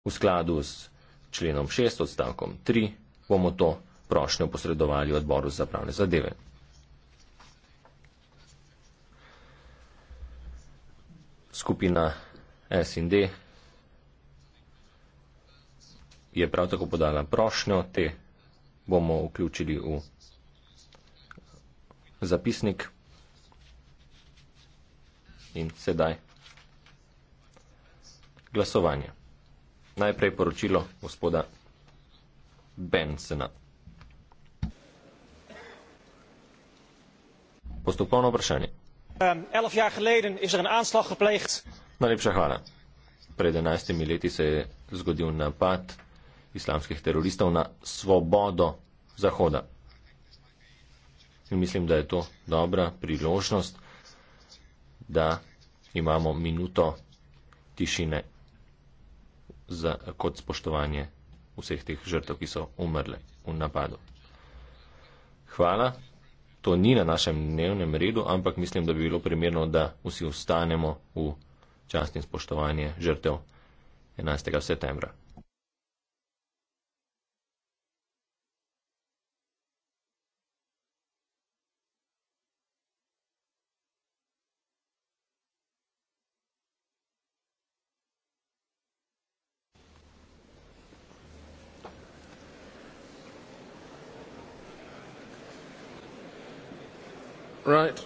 V skladu s členom 6 odstavkom 3 bomo to prošnjo posredovali odboru za pravne zadeve. Skupina S in D je prav tako podala prošnjo, te bomo vključili v zapisnik in sedaj glasovanje. Najprej poročilo gospoda Bensena. Postopkovno vprašanje. Ehm, er Najlepša hvala. Pred enajstimi leti se je zgodil napad islamskih teroristov na svobodo Zahoda. In mislim, da je to dobra priložnost, da imamo minuto tišine za, kot spoštovanje vseh teh žrtev, ki so umrle v napadu. Hvala. To ni na našem dnevnem redu, ampak mislim, da bi bilo primerno, da vsi ostanemo v čast in spoštovanje žrtev 11. septembra. prav.